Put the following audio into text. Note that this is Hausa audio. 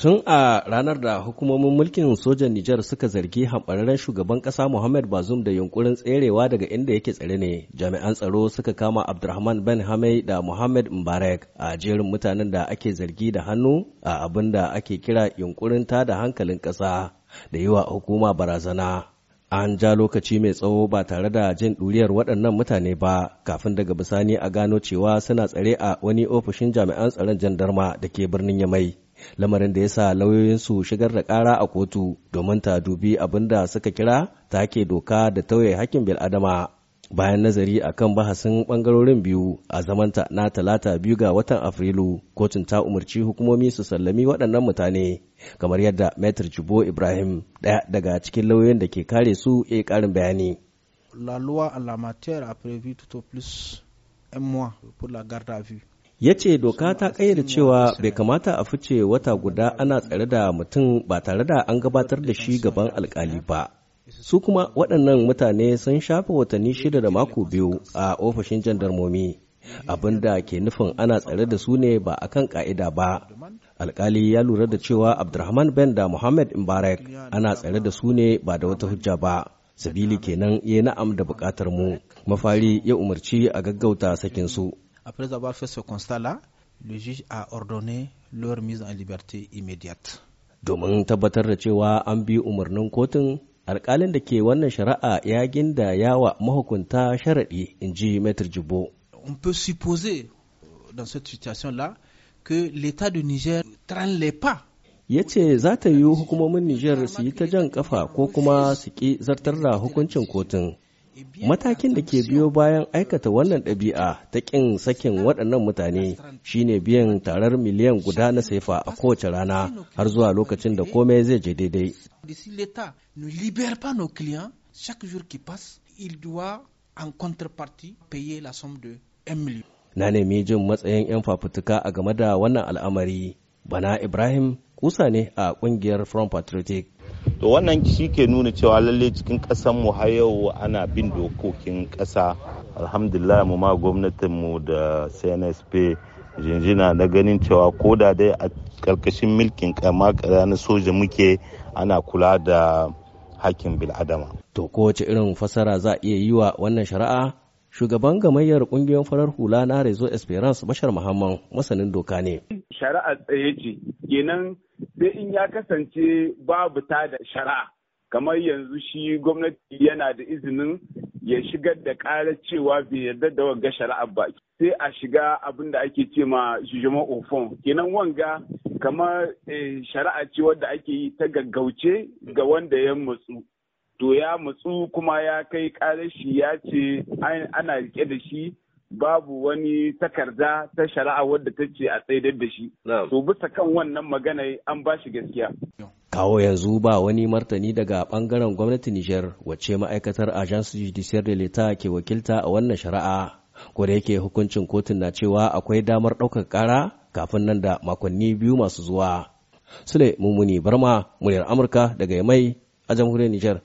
Tun a ranar da hukumomin mulkin sojan Nijar suka zargi hamɓararren shugaban ƙasa Muhammad Bazum da yunkurin tserewa daga inda yake tsare ne, jami'an tsaro suka kama Abdurahman Ben Hamay da Muhammad Mbarek a jerin mutanen da ake zargi da hannu a abin da ake kira yunkurin ta da hankalin ƙasa da yi wa hukuma barazana. An ja lokaci mai tsawo ba tare da jin ɗuriyar waɗannan mutane ba kafin daga bisani a gano cewa suna tsare a wani ofishin jami'an tsaron jandarma da ke birnin Yamai. lamarin da ya sa lauyoyinsu shigar da ƙara a kotu domin ta dubi abin da suka kira take doka da tauye hakkin bil'adama bayan nazari a kan bahasin bangarorin biyu a zamanta na talata biyu ga watan afrilu kotun ta umarci hukumomi su sallami waɗannan mutane kamar yadda metr jibo ibrahim ɗaya daga cikin lauyoyin da ke kare su ya yi ƙarin bayani la loi a prévu tout plus un mois ya ce doka ta ƙayyade cewa bai kamata a fice wata guda ana tsare da mutum ba tare da an gabatar da shi gaban alkali ba su kuma waɗannan mutane sun shafe watanni shida da mako biyu a ofishin jandarmomi abin da ke nufin ana tsare da su ne ba akan kan ƙa'ida ba alkali ya lura da cewa abdulrahman ben da muhammad mbarak ana tsare da su ne ba da wata hujja ba sabili kenan ya na'am da bukatar mu mafari ya umarci a gaggauta sakinsu Après avoir fait ce constat-là, le juge a ordonné leur mise en liberté immédiate. Domin tabbatar da cewa an bi umarnin kotun, alkalin da ke wannan shari'a ya ginda yawa mahukunta sharaɗi, in ji metr Jibo. On peut supposer euh, dans cette situation-là que l'État de Niger traîne les pas ya ce za ta yi hukumomin Nijar su yi ta jan kafa ko kuma su ki zartar da hukuncin kotun Matakin da ke biyo bayan aikata wannan ɗabi'a ta ƙin sakin waɗannan mutane shine biyan tarar miliyan guda na saifa a kowace rana har zuwa lokacin da komai zai je daidai. Na nemi jin matsayin 'yan fafutuka a game da wannan al'amari, bana Ibrahim kusa ne a ƙungiyar Front Patriotic. to wannan shi ke nuna cewa lalle cikin ƙasar mu har yau ana bin dokokin ƙasa alhamdulillah mu ma gwamnatin mu da cnsp jinjina na ganin cewa ko da dai a karkashin milkin kama na soja muke ana kula da hakkin bil'adama. To kowace irin fasara za iya yi wa wannan shari'a shugaban gamayyar kungiyoyin farar hula na Rezo Esperance Bashar Muhammad masanin doka ne. Shari'a tsaye ce kenan sai in ya kasance babu ta da shari'a kamar yanzu shi gwamnati yana da izinin ya shigar da ƙarar cewa bai yarda da wanga shari'ar ba sai a shiga abin da ake ce ma jujuma ofon kenan wanga kamar eh, shari'a ce wadda ake yi ta gaggauce ga wanda ya matsu to ya matsu kuma ya kai ƙarar shi ya ce ana rike da shi babu wani takarda ta shari'a wadda ta ce a tsaidar da shi. To bisa kan wannan magana an ba shi gaskiya. Kawo yanzu ba wani martani daga bangaren gwamnati Nijar wacce ma'aikatar Agence Judiciaire de l'Etat ke wakilta a wannan shari'a. Ko da yake hukuncin kotun na cewa akwai damar ɗaukar ƙara kafin nan da makonni biyu masu zuwa. Sule Mumuni Barma, muryar Amurka daga mai a jamhuriyar Nijar.